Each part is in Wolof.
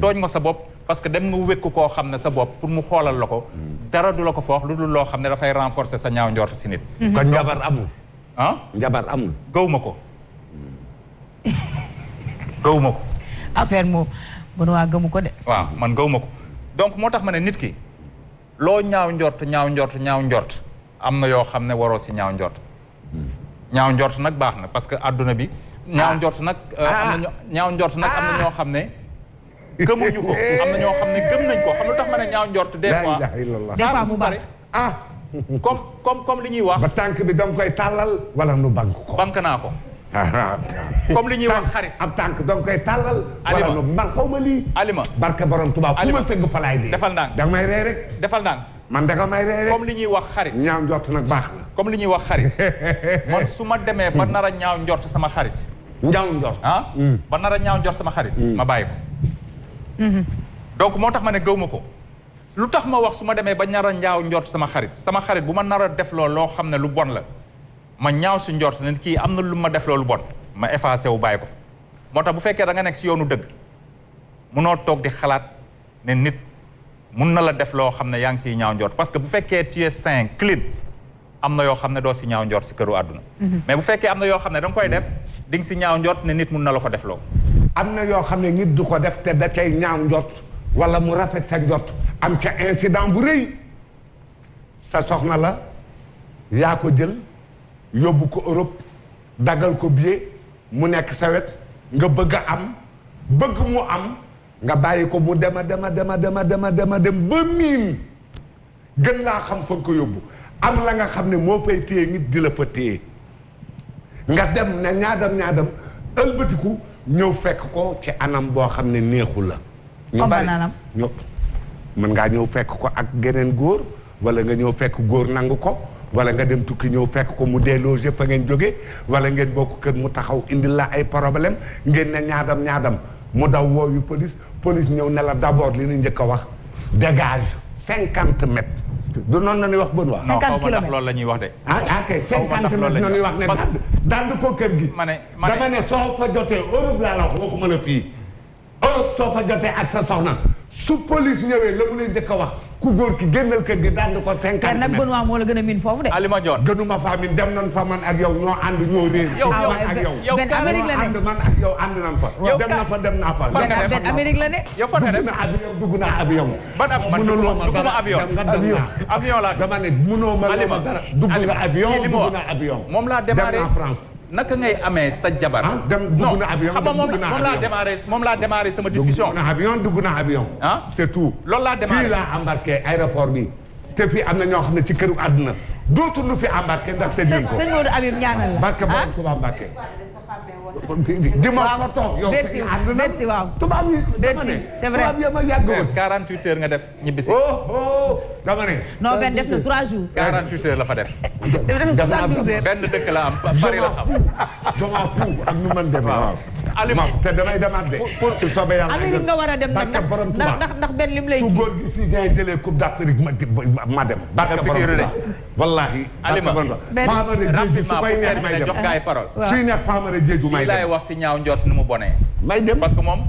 tooñ ma sa bopp parce que dem nga wékk koo xam ne sa bopp pour mu xoolal la ko mm. dara du la ko foox lu dul loo xam ne dafay renforcer sa ñaaw njort si nit mm-hmm. kon njabar amul ah njabar gaw ma ko gaw ko affaire moom ko waaw man gaw ma ko donc moo tax ma ne nit ki loo ñaaw njort ñaaw njort ñaaw njort am na yoo xam ne waroo si ñaaw njort mm. ñaaw njort nag baax na parce que àdduna bi ah. euh, ah. ñaaw njort nag am na ñaaw ah. njort nag am na ñoo xam ne gëmuñu ko am na ñoo xam ne gëm nañ ko xam lu tax ma ne ñaaw njort des fois des fois mu bare ah comme comme comme li ñuy wax ba tànk bi danga koy tàllal wala nu bank ko bank naa ko ah, ah. comme li ñuy wax xarit ab tànk danga koy tàllal wala nu man xaw ma lii alima barka borom tubaab ku ma sëgg falaay bi defal ndànk danga may ree rek defal ndànk man da nga may ree rek comme li ñuy wax xarit ñaaw njort nag baax na comme li ñuy wax xarit man su ma demee ba nar a ñaaw njort sama xarit ñaaw njort ah hmm. ba nar a ñaaw njort sama xarit hmm. ma bàyyi ko Mhm. donc moo tax ma ne gëw ma ko lu tax ma wax su ma demee ba nar njaaw ñaaw sama xarit sama xarit bu ma nar a def loolu loo xam ne lu bon la ma ñaaw si njort ne kii am na lu ma def loolu bon ma effacé wu bàyyi ko moo bu fekkee da nga nekk si yoonu dëgg munoo toog di xalaat ne nit mun na la def loo xam ne yaa ngi siy ñaaw njort parce que bu fekkee tu es sain am na yoo xam ne doo si ñaaw njort si këru àdduna mhm. mais bu fekkee am na yoo xam ne da koy def di si ñaaw njort ne nit mun na la ko def loo am na yoo xam ne ngit du ko def te da cay ñaaw njot wala mu rafet sa njot am ca insident bu rëy sa soxna la yaa ko jël yóbbu ko Europe dagal ko billet mu nekk sawet nga bëgg a am bëgg mu am nga bàyyi ko mu dema dema dema dema dema dema dem ba miin gën laa xam fa nga ko yóbbu am la nga xam ne moo fay téye nit di la fa téye nga dem ne ñaadam ñaadam ëlbatiku ñëw fekk ko ci anam boo xam ne neexu la. ñu bari ñu mën ngaa ñëw fekk ko ak geneen góor wala nga ñëw fekk góor nangu ko wala nga dem tukki ñëw fekk ko mu délogé fa ngeen jóge wala ngeen bokk kër mu taxaw indil la ay problème ngeen ne ñaadam ñaadam mu daw wooyu police police ñëw ne la d'abord li ñu njëkk a wax dégage. cinquante mètres. du noonu la ñuy wax bon waa. cinquante kilomètres loolu la ñuy wax de. ah, ah ok cinquante mètres la ñuy wax ne dand dand ko kër gi. ma ne ma ne dama ne soo fa jotee Europe laa la wax waxuma la fii Europe soo fa jotee ak sa soxna su police ñëwee la mu lay njëkk a wax. ku góor ki génnal kër gi daan ko cinquante mètres. nag Benoît moo a gën a miin foofu de. Alima Dior gënuma faa miin dem nan fa man ak yow ñoo ànd ñoo réer. nan fa. dem na fa dem naa fa. benn Amérique la ma dara dem nga dem naa avion France. naka ngay amee sa jabar. ah dem dugg na avion dugg moom laa démarré moom laa démarré sama discussion. dugg na avion dugg na avion. ah c'est tout. loolu laa démarré fii laa embarqué aéroport bi. te fii am na ñoo xam ne ci këru àdduna dootul lu fi embarqué ndax. te ko sëñ Modou Habib ñaanal la barke ba ko ba embarqué. dimbali nga toog yow merci waaw. merci c'est vrai tubaab yi ma yàgg woon. 48 heures nga def ñibbisi. oh oh dama ne. non benn def na 3 jours. 48 heures la fa def. def na 72 heures benn dëkk la am Paris la am. je m'en fous ak nu man demee Alioune te damay demaat de. pour su soobee nga war a dem nag ndax ndax benn lim lay. su góor gi si ngay jëlee coupe d'Afrique ma dem. barke borom Tuubaa wallaahi. Alioune mais rapidement bu fekkee ne jox may dem lay wax si ñaaw njort ni mu bonee. may dem parce que moom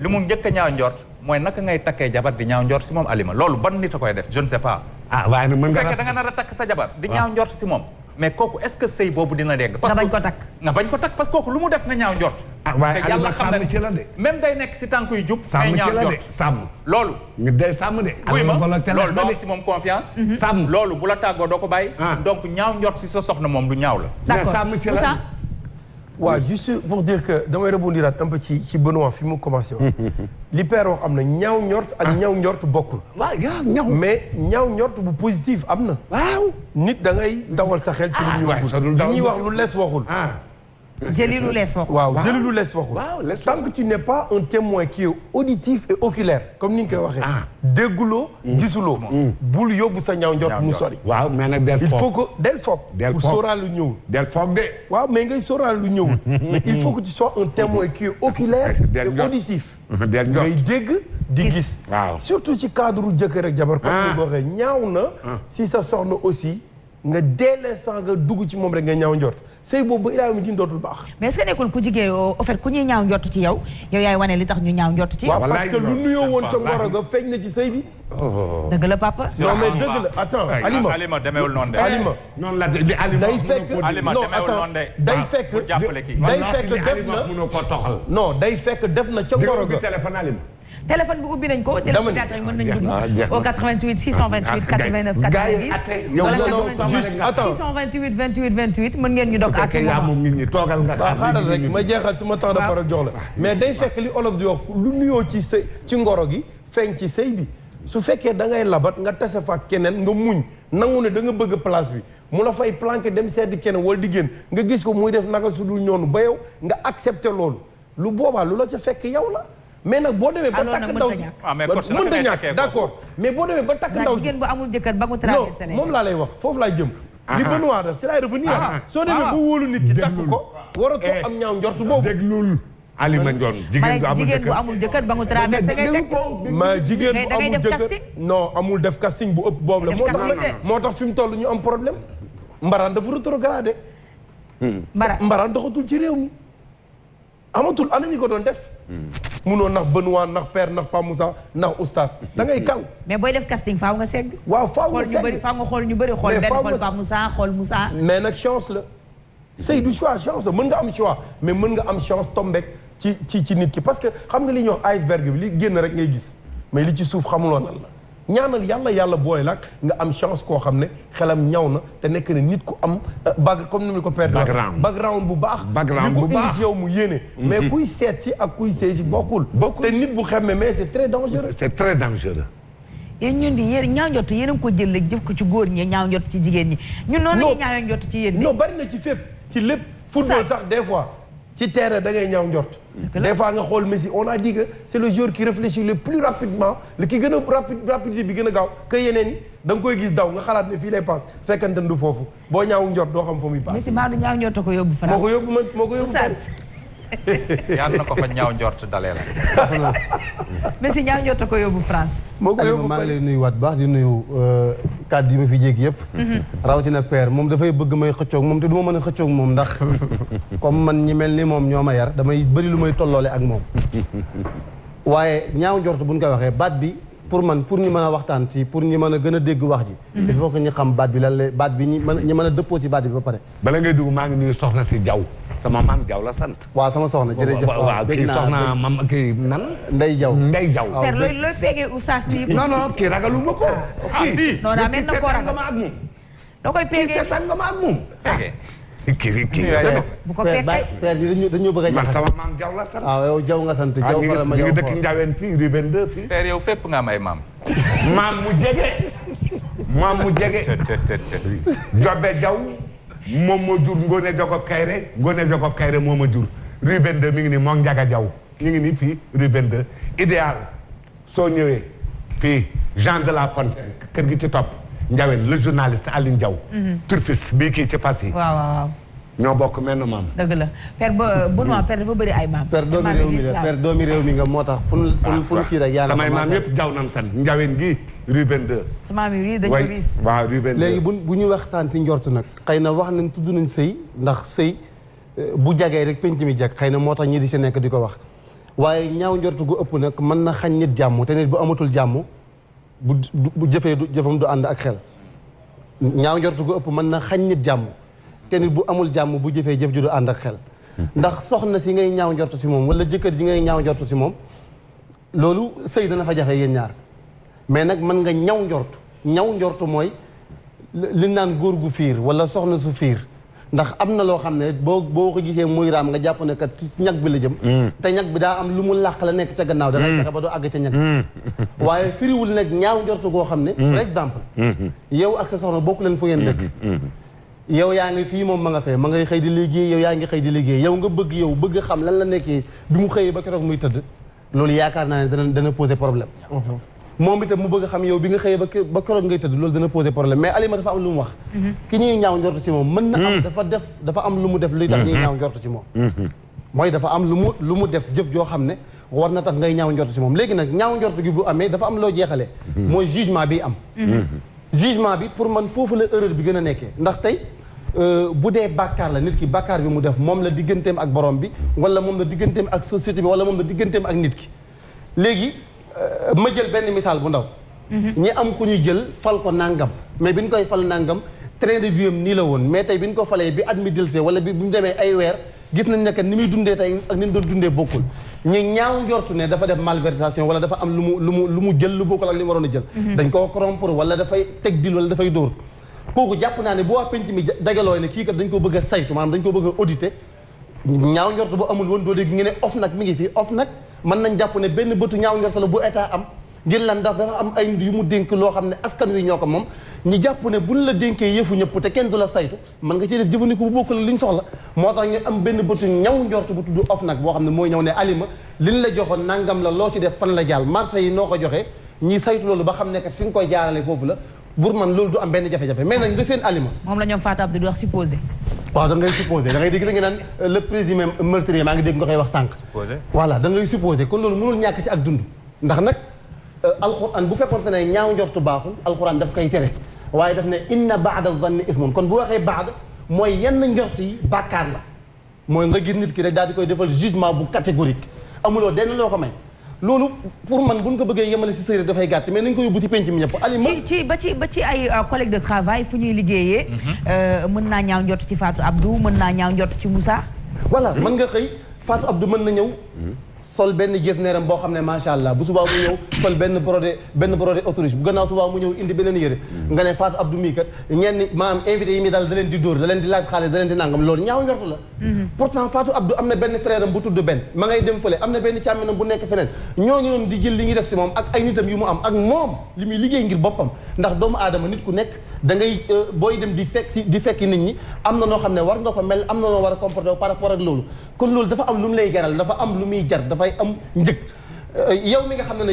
lu njëkk a ñaaw njort mooy naka ngay takkee jabar di ñaaw njort si moom Alima loolu ban nit a koy def je ne sais pas. ah waaye nag mën nar a takk sa jabar di ñaaw njort si moom mais kooku est-ce que sëy boobu dina de parce que nga bañ ko takk nga bañ ko takk parce que kooku lu mu def nga ñaaw njort. ah waaye Aliou Ba sàmm ci la day nekk si tànk yu jub. sàmm ci la de sàmm loolu. ñu day sàmm de. oui loolu doo am si moom confiance. Mhm. sàmm loolu bu la tàggoo doo ko bàyyi. Ah. donc ñaaw njort si sa soxna moom du ñaaw la. d'accord sàmm ci la waaw juste pour dire que damay rebondiraat un peu ci ci Benoît fi mu commencé woon. li père wax am na ñaaw njort ak ah. ñaaw njort bokkul. waaw ñaaw mais ñaaw njort bu positif am na. waaw nit da ngay dawal sa xel. ci lu ah, ñuy wax lu les waxul. Ah. jëli lu waaw jëli lu lees waxul. tant que tu n'es pas un témoin qui est auditif et oculaire comme ni nga koy waxee. dégguloo gisuloo. Mm. bul yóbbu sa ñaaw njort mu sori. waaw mais nag del foog il faut que del foog. del foog pour sóoraal lu ñëwul. del mais ngay sóoraal lu ñëwul. mais il faut que tu sois un témoin qui est oculaire et auditif. ngay dégg di gis. waaw surtout si cadre jëkkër ak jabar. comme ni ah. nga ko waxee na ah. si sa soxna aussi. nga dès l'instant nga dugg ci moom rek nga ñaaw njort sëy boobu i ilaa mu ci dootul baax. mais est ku jigéen au fait ku ñuy ñaaw njort ci yow yow yaay wane li tax ñu ñaaw njort ci. waaw parce que lu nuyoo woon ca ngoro ga feeñ na ci sëy bi. Oh. dëgg la papa. non mais dëgg la attends Alima Alima demeewul day fekk day fekk def na non day fekk ca ngoro ga. téléphone bi ubbi nañ ko. dama ni ah, jeex na ah, jeex na au 88 628 89 90. yow looloo ma jeexal sama temps de jox la. Ah. mais day fekk li olof di wax lu nuyoo ci sëy ngoro gi feeñ ci sëy bi su fekkee da ngay labat nga tase fa keneen nga muñ nangu ne da nga bëgg place bi mu la fay planqué dem sedd keneen wala di génn nga gis ko muy def naka su dul ñoonu ba yow nga accepté loolu lu boobaa lu la ca fekk yow la. mais nag boo demee ba ah, takk ndaw si ah, mënta ñàkk d'accord mais boo demee ba takk ndaw si jigéen bu amul jëkkër ba mu traversé non moom laa lay wax foofu laay jëm ah. li Benoît def c'est la revenir soo demee ba wóolu nit ki takk ko waratoo eh. am ñaaw njort boobu déglul Ali Mandione jigéen bu amul jëkkër ba mu traversé ngay teg ma jigéen bu amul jëkkër non amul def casting bu ëpp boobu la moo tax moo tax fi mu toll ñu am problème mbaraan dafa rétrogradé hmm. mbaraan doxatul ci réew mi amatul ana ñu ko doon def. Hmm. munoo nax Benoît nax per nax Pa Moussa nax Oustaz. Hmm. da ngay kaw. mais booy def casting faaw nga segg. waaw faaw nga segg xool ñu bëri faaw nga xool ñu bëri xool benn xool Pa Moussa xool Moussa. mais nag chance la. c'est du choix chance la mën nga am choix mais mën nga am chance tombek ci ci ci nit ki parce que xam nga li ñuy wax iceberg bi li génn rek ngay gis mais li ci suuf xamuloo nan la. ñaanal yàlla yàlla booy la nga am chance koo xam ne xelam ñaw na te nekk na nit ku am euh, bag comme ni mu ko perdre background bu baax background bu baax yow mu yéene mm-hmm. mais kuy seet si ak kuy seet si bokkul te nit bu xemme mais c'est très dangereux c'est très dangereux yéen ñun di yéen ñaaw njott yéen a ngi ko jël léegi ko ci góor ñi ñaaw njott ci jigéen ñi ñun noonu lañuy ñaaw njott ci yéen non bari na ci fépp ci lépp football sax des fois ci terrain da ngay ñaaw njort. des fois nga xool Messi on a dit que c' le joueur qui réfléchit le plus rapidement le ki gën a rapide rapidité bi gën a gaaw que yeneen yi koy gis daw nga xalaat ne fii lay passe fekkante du foofu boo ñaaw njort doo xam fa muy passe. Messi maa du ñaaw njort ko yóbbu. moo ko yóbbu moo ko yóbbu yàlla na ko fa ñaaw njort dalee la. soxna Messi ñaaw njort ko yóbbu France. moo ko yóbbu maa ngi lay nuyuwaat baax di nuyu euh, kàddu yi ma fi jéeg yëpp. Mhm. rawatina père moom dafay bëgg may xëccoog moom te du mën a xëccook moom ndax comme man ñi mel ni moom ñoo ma yar damay bëri lu may tolloole ak moom. waaye ñaaw njort bu ñu koy waxee baat bi. pour man pour ñu mën a waxtaan ci pour ñu mën a gën a dégg wax ji mhm. il faut que ñu xam baat bi lan la baat bi ñi mën ñi mën a dëppoo ci baat bi ba pare bala ngay dugg maa ngi nuyu soxna si jaw sama maam jaw la sant waa sama soxna jërëjëf waaw kii soxna mam kii nan nday jaw nday jaw père looy looy pégee oustaz bi non non kii ragalu ma ko ah, ah, kii non daa na ko ragal ma ak moom da seetaan nga ma ak moom ah. kii kii bu ko fekkee dañoo bëgg a man sama maam nga sant Jaw wala ma Jaw fii rue 22 fii. père yow fépp nga am ay maam. maam mu jege. maam mu Jaw moom moo jur Ngone Jacob Kayre Ngone Jacob Kayre moo ma jur. rue 22 mi ngi nii moom Njaga Jaw ñu ngi nii fii rue 22 soo ñëwee fii Jean de la Fontaine kër gi ci topp. Ndiawén le journaliste Alioune Diaw. Mhm. turfiste bii kii ci fas yi. waaw waaw ñoo bokk menn maam. dëgg la père ba bu ma père dafa bëri ay maam. père doomi réew mi nga père doomi réew mi nga moo tax fu ah, fu ah, fu kii rek. yàlla samay maam yëpp jaw nam san Ndiawén gii rue 22. su maam yi dañu riis waaw rue 22. léegi bu bu ñu waxtaan ci njort nag. xëy na wax nañ tudd nañ sëy ndax sëy eh, bu jagee rek penc mi jag xëy na moo tax ñi di si nekk di ko wax waaye ñaaw njortu gu ëpp nag mën na xañ nit jàmm te nit bu amatul jàmm bu bu jëfee du jëfam du ànd ak xel ñaaw njortu gu ëpp mën na xañ nit jàmm te nit bu amul jàmm bu jëfee jëf ju du ànd ak xel ndax soxna si ngay ñaaw njortu si moom wala jëkkër ji ngay ñaaw njortu si moom loolu sëy dana fa jafe yéen ñaar mais nag mën nga ñaw njortu ñaw njortu mooy li naan góor gu fiir wala soxna su fiir ndax am na loo xam ne boo boo ko gisee muy raam nga jàpp ne kat ci ñag bi la jëm mm. te ñag bi daa am lu mu làq la nekk ca gannaaw mm. dangay fexe ba doo àgg ca ñag bi mm. waaye firiwul nekk ñaaw njortu goo xam ne par exemple mm-hmm. yow ak sa soxna bokk leen fu ngeen dëkk mm-hmm. Mm-hmm. yow yaa ngi fii moom ma nga fee ma ngay xëy di léegi yow yaa ngi xëy di liggéey yow nga bëgg yow bëgg xam lan la nekkee bi mu xëyee ba keroog muy tëdd loolu yaakaar naa ne dana dana poser problème moom itam mu bëgg xam yow bi nga xëyee ba ba keroog ngay tëdd loolu dina poser problème mais Alima dafa am lu mu wax mm-hmm. ki ñuy ñaaw njortu ci moom mën na am mm-hmm. dafa def dafa am lu mu def luy tax ñuy mm-hmm. moom mooy dafa am lu mu lu mu def jëf joo xam ne war na tax ngay ñaaw njortu si moom léegi nag ñaaw njortu gi bu amee dafa am loo jeexalee mooy jugement bi am jugement bi pour man foofu la erreur bi gën a nekkee ndax tey euh, bu dee bàkkaar la nit ki bàkkaar bi mu def moom la digganteem ak borom bi wala moom la digganteem ak société bi wala moom la digganteem ak nit ki léegi Euh, ma jël benn misaal bu ndaw. Mhm. ñi am ko ñu jël fal ko nangam mais bi ñu koy fal nangam train de vie am nii la woon mais tey bi ñu ko falee bi at mi dilsee wala bi bu ñu demee ay weer gis nañ ne ni muy dundee tey ak ni mu doon dundee bokkul ñu ñaaw njortu ne dafa def malversation wala dafa am lu mu lu mu lu mu jël lu bokkul ak li mu waroon a jël. Mhm. dañ koo corrompre wala dafay teg dil wala dafay dóor. kooku jàpp naa ne boo waa penc mi dajaloo ne kii kat dañ ko bëgg a saytu maanaam dañ ko bëgg a auditer ñaaw njortu bu amul woon doo dégg ngeen ne OFNAC mi ngi fi OFNAC mën nañ jàpp ne benn bëtu ñaaw njort la bu état am ngir lan ndax dafa am ay yu mu dénk loo xam ne askan wi ñoo ko moom ñi jàpp ne bu buñ la dénkee yëfu ñëpp te kenn du la saytu mën nga ci def jëfandiku bu bokkul li ñu soxla moo tax ñu am benn bëtu ñaw njort bu tudd nag boo xam ne mooy ñëw ne alima liñ la joxoon nangam la loo ci def fan la jaal marché yi noo ko joxee ñi saytu loolu ba xam ne kat fi nga koy jaarale foofu la pour man loolu du benn jafe-jafe mais nag nga seen alima moom wax supposé waaw da ngay supposé da ngay dégg da nga naan euh, le présumé euh, meurtrier maa ngi dégg nga koy wax sànq. voilà da ngay supposé kon loolu mënul ñàkk ci ak dund. ndax nag euh, alxuraan bu fekkoonte ne ñaaw njortu baaxul alxuraan daf koy tere waaye daf ne inna baada zanni ismun kon bu waxee baada mooy yenn njort yi bàkkaar la mooy nga gis nit ki rek daal di koy defal jugement bu catégorique amuloo denn loo ko may. loolu pour man bu ñu ko bëggee yemale si séeréer dafay gàtt mais nañ ko yóbbu ci penc mi ñëpp alima ci ci ba ci ba ci ay euh, collègue de travail fu ñuy liggéeyee mhm. euh, mën naa ñaaw njott ci Fatou Abdou mën naa ñaaw njott ci Moussa voilà mën nga xëy Fatou Abdou mën na ñëw mhm. sol benn jëf neeram boo xam ne macha allah bu subaa mu ñëw sol benn brodé benn brodé autorisé bu mu ñëw indi beneen yére mm. nga ne Fatou Abdou mii kat ñenn maanaam yi muy daal da leen di dóor da leen di laaj xaalis da leen di nangam loolu ñaaw njortu la mm-hmm. pourtant Fatou Abdou am na benn frère am bu tudd benn ma ngay dem fële am na benn càmminam bu nekk feneen ñooñu noonu di jël li ñu def si moom ak ay nitam yu mu am ak moom li muy liggéey ngir boppam doomu aadama nit ku nekk da ngay euh, booy dem di fekk si di fekki nit ñi am na noo xam ne war nga ko mel am na noo war a comporté par rapport ak loolu kon loolu dafa am lu mu lay jaral dafa am lu muy jar dafay am njëg euh, yow mi nga xam ne